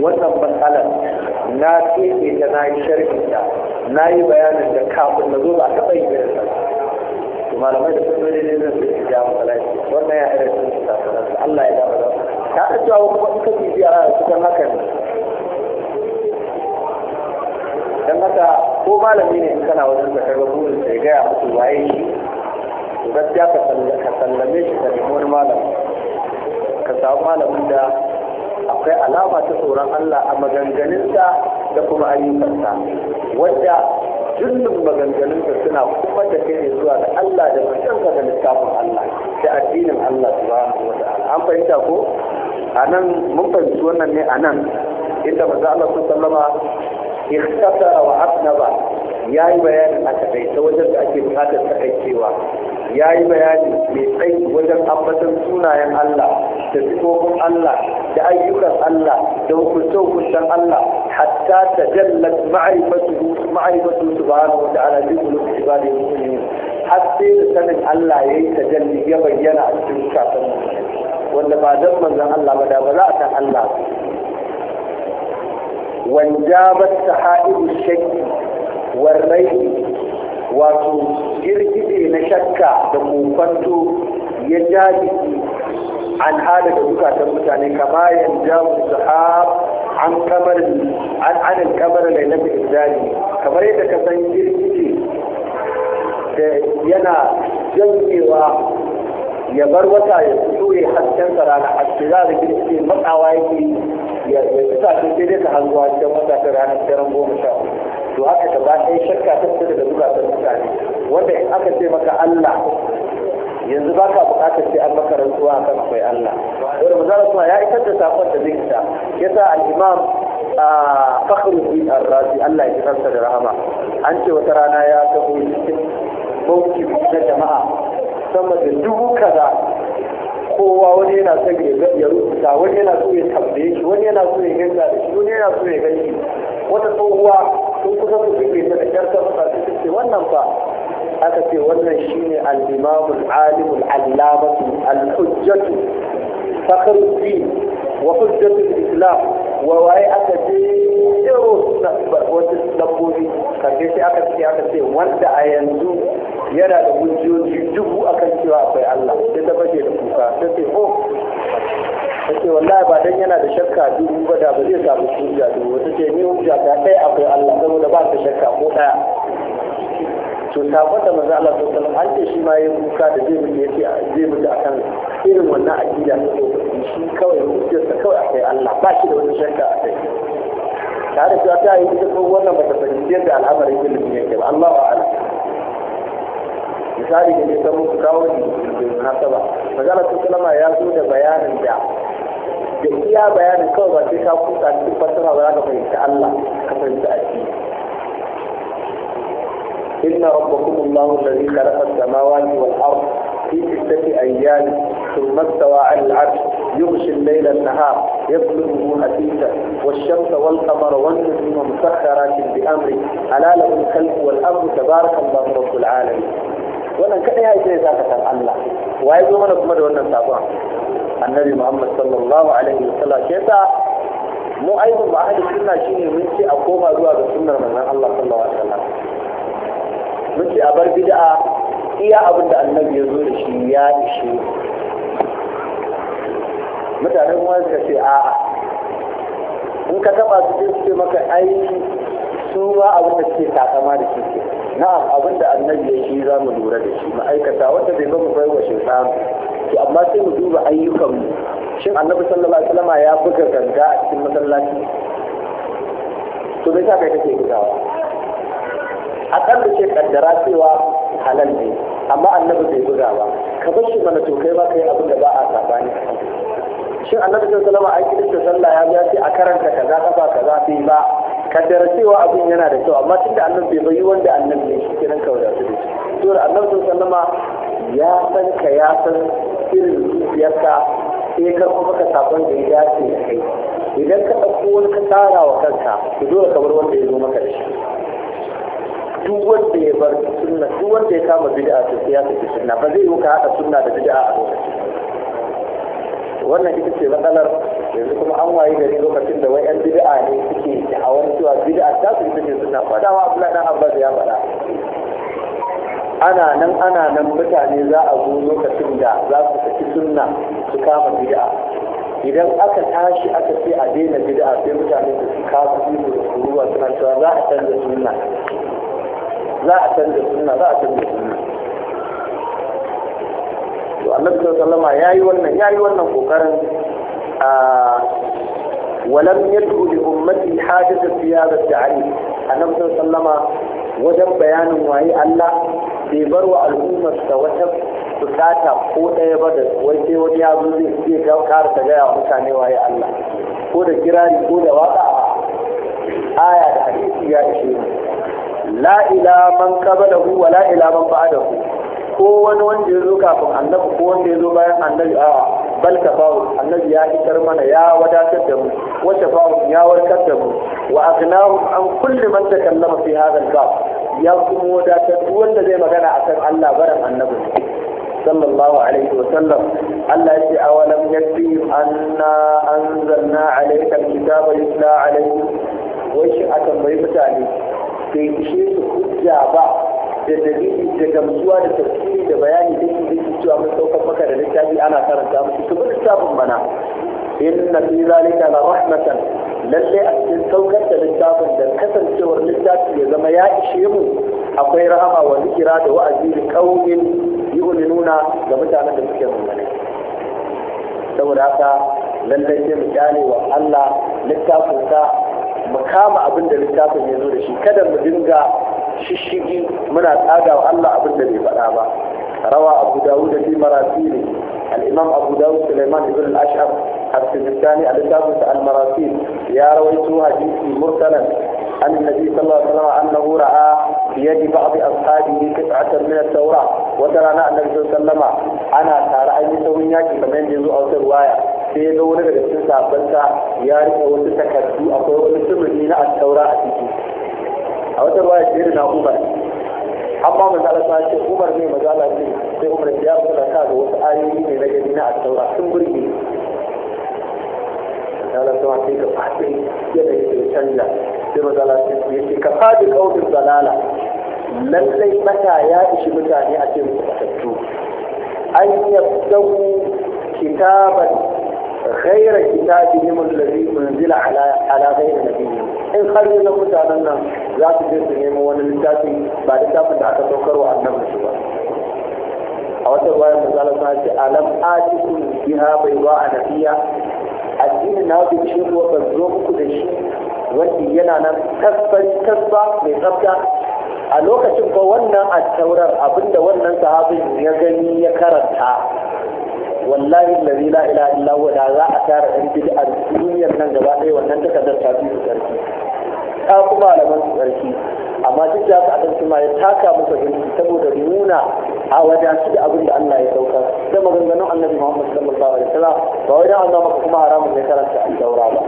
wannan matsalar na keke da na yi sharhin da na yi bayanin da kafin na zo ba taɓa yi irin sa malamai da kuma ne zai zai ja mu bala'i wannan ya irin sun sa Allah ya gaba da ta da cewa kuma in ka bibiya a cikin hakan dan haka ko malami ne in kana wajen da kaga burin sai gaya musu waye shi gaskiya ka sallame shi ka nemi wani malam ka samu malamin da akwai alama ta tsoron Allah a maganganunsa da kuma ayyukansa wadda dukkan maganganunsa suna kuma da kai zuwa da Allah da mutunta da littafin Allah da addinin Allah subhanahu wa ta'ala an fahimta ko a nan mun fahimci wannan ne a nan inda maza Allah sallama ikhtasara wa asnaba yayi bayani a takaice wajen da ake bukatar takaicewa ya yi bayani mai tsayi wajen ambatan sunayen Allah da sifofin Allah da ayyukan Allah da hukunce-hukuncen Allah hatta ta jallar ma'arifatu ma'arifatu subhanahu wa ta'ala ba qulubi ibadi muslimin har sai sanin Allah ya yayi tajalli ya bayyana a cikin kafin wanda ba dan manzon Allah ba da ba za a san Allah ba. wanjabat saha'ibu shakki والريح wato girgide na shakka da kofanto ya jajiki an hada da zukatan mutane ka bayan yanda sahab an kamar an anin kamar lailatul izdari kamar yadda ka san girgide da yana jankewa ya bar wata ya fito ya hasken na hasken za da girgide matsawa yake ya fita sai dai ta hanzuwa cikin wata ta ranar goma sha to haka gaba ɗaya shakka ta fita daga zukatan mutane wanda in aka ce maka Allah yanzu ba ka bukatar sai an maka rantsuwa kan akwai Allah wanda manzara kuma ya isar da sakon da zai isa yasa al-imam fakhruddin ar-razi Allah ya kiransa da rahama an ce wata rana ya taho cikin mawki na jama'a sama da dubu kaza kowa wani yana son ya rubuta wani yana so ya tambaye shi wani yana so ya gaisa da shi wani yana so ya gaishe wata tsohuwa sun kusa su rike ta da kyarta suka ce wannan fa aka ce wannan shine al-imamul alimul allamatu al-hujjatu fakhruddin wa hujjatul islam wa waye aka ce iro wasu dabbobi karshe sai aka ce aka ce wanda a yanzu yana da hujjoji dubu akan cewa akwai Allah sai ta fashe da kuka sai ce oh ta ce wallahi ba dan yana da shakka duk ba da ba zai samu hujja duk wata ce ni hujja ta ɗaya akwai Allah saboda ba ta shakka ko ɗaya to ta da manzo Allah sallallahu alaihi wasallam an shi ma yayin kuka da zai mutu yace zai mutu akan irin wannan aqida ta so shi kawai hujja ta kawai akwai Allah ba shi da wani shakka akai Ta da ta yi ta ko wannan ba ta fahimci yadda al'amarin ilimi yake ba Allahu a'lam misali da ne ta muku kawo ne da hasaba manzo Allah sallallahu alaihi ya zo da bayanin da إن ربكم الله الذي خلق السماوات والأرض في ستة أيام ثم استوى على العرش يغشي الليل النهار يطلبه حديثا والشمس والقمر والنجوم مسخرات بأمره ألا له الخلق والأمر تبارك الله رب العالمين وأنا kadai ya ce zaka san Allah waye annabi muhammad sallallahu alaihi wasallam shi yasa mu aibu ba ahli sunna shine mun ce a koma zuwa ga sunnar manzon Allah sallallahu alaihi wasallam mun ce a bar bid'a iya abin da annabi ya zo da shi ya ishe mutanen wani suka ce a'a in ka taba su sai su ce maka ai su ba abin da suke takama da suke na'am abin da annabi ya shi za mu lura da shi ma'aikata wanda bai ba mu bai wa shi samu to amma sai mu duba ayyukanmu shin annabi sallallahu alaihi wasallam ya buga ganga a cikin masallaci to me sa kai kake gudawa a kan da ce kaddara cewa halal ne amma annabi bai buga ba ka bar shi mana to kai ba kai abin da ba a sabani shin annabi sallallahu alaihi wasallam ai kidan sallah ya ce a karanta kaza kafa kaza sai ba kaddara cewa abin yana da kyau amma tunda annabi bai bayi wanda annabi ne shi kenan kawai da su da shi sun san ma ya san ka ya san irin zuciyarka sai ka kuma ka sakon da ya dace da kai idan ka ɗauko wani ka tsara wa kanka to dole ka bar wanda ya zo maka da shi duk wanda ya bar sunna duk wanda ya kama bid'a to sai ya tafi sunna ba zai yi ka haɗa sunna da bid'a a lokacin wannan ita ce matsalar yanzu kuma an waye gari lokacin da wai 'yan bid'a ne suke a wani cewa bid'a ta su ita ce suna faɗa wa abu ɗan abbas ya faɗa ana nan ana nan mutane za a zo lokacin da za su saki sunna su kama bid'a idan aka tashi aka ce a daina bid'a sai mutane su kama su da ruwa suna cewa za a canza sunna za a canza sunna za a canza sunna to annabi sallallahu alaihi wasallam yayi wannan yayi wannan kokarin ولم يدعو لأمتي حاجة في هذا التعريف النبي صلى الله عليه وجب بيان وعي الله bai bar wa al'ummarsa wata bukata ko ɗaya ba da wace wani ya zai kare ta gaya mutane waye Allah ko da kirari ko da waka aya da hadisi ya ishe la ila man qablahu wa la ila man ko wani wanda ya zo kafin bayan annabi bal tafawul annabi ya kitar mana ya wadatar da mu wa tafawul ya warkar da mu wa aghnahu an kulli man takallama fi hadha al-bab ya kuma wadatar duk wanda zai magana akan Allah barin annabi sallallahu alaihi wa sallam Allah ya ce awalam yakfi anna anzalna alayka al-kitaba yusla alayhi wa shi aka bai mutane bai ishe su hujja ba da dalili da gamsuwa da tafsiri da bayani da ke dake cewa mun saukar maka da littafi ana karanta musu kuma littafin mana inna fi zalika la rahmatan lalle a cikin saukar da littafin da kasancewar littafi ya zama ya ishe mu akwai rahama wa zikira da wa'azi da kaumin nuna ga mutanen da suke mummune saboda haka lallai sai mu kyale wa Allah littafin sa mu kama abin da littafin ya zo da shi kada mu dinga shishigi muna tsaga wa Allah abin في bai faɗa ba rawa abu dawud fi marasili al-imam abu dawud sulaiman ibn al على تابوس المراسيل يا رويت حديثي مرسلا عن النبي صلى الله عليه وسلم أنه رأى بيد بعض أصحابه قطعة من التوراة أن النبي صلى الله عليه وسلم أنا ترى أي سويناك فمن جزء أو رواية sai ya ga wani daga cikin sabanta ya rike wasu takardu akwai wani sirri na attaura a ciki a wata ruwa ya na umar amma mazala ta ce umar ne mazala ce sai umar ya fara ka da wasu ayoyi ne na gani na attaura sun burge mazala ta wace ka fadi yadda yake canja sai mazala ta ce ka fadi kaunin zalala lallai mata ya ishi mutane a cikin fatattu an yi yabtawu kitaban غير كتابهم الذي انزل على على غير نبيهم in har yi mutanen nan za su je su wani littafi ba littafin da aka saukar wa annabi shi ba a wata ruwayar misalin sa ce alam atikum biha bai ba a nafiya addinin na ku ce zo muku da shi wanda yana nan tasbar mai tsafta a lokacin ko wannan a taurar abinda wannan sahabin ya gani ya karanta wallahi allazi la ila illa huwa da za a tara ɗan bid'a duniyar nan gaba ɗaya wannan takardar ta fi su sarki ta kuma malaman su sarki amma duk da haka adan ta ya taka musu hinci saboda nuna a wajen shi abin da Allah ya sauka da maganganun Annabi Muhammad sallallahu alaihi wasallam ba wajen dan Allah maka kuma haramun ne karanta al-daura ba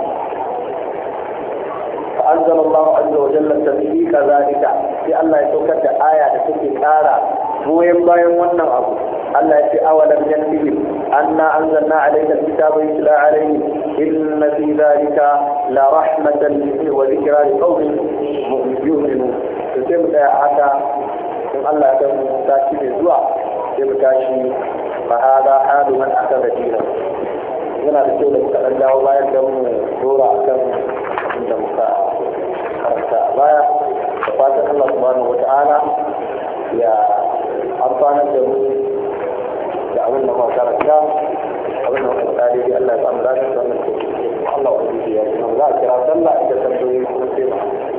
فأنزل الله عز وجل تبيك ذلك في الله يتوكد آية تكي كارا goyon bayan wannan abu Allah ya ce awalam yanfihim anna anzalna alayka alkitaba yutla alayhi inna fi dhalika la rahmatan wa dhikra liqaumin yu'minun to sai mu tsaya haka in Allah ya mu tashi da zuwa sai mu tashi fa hada hadu yana da kyau da muka dan dawo bayan da mu dora akan inda muka karanta a baya da fata Allah subhanahu wa ta'ala ya amfana da mu da abin da muka karanta abin da muka tsare da Allah ya samu lafiya wannan Allah ubangiji ya kuma za a kira sallah da tambayoyi kuma sai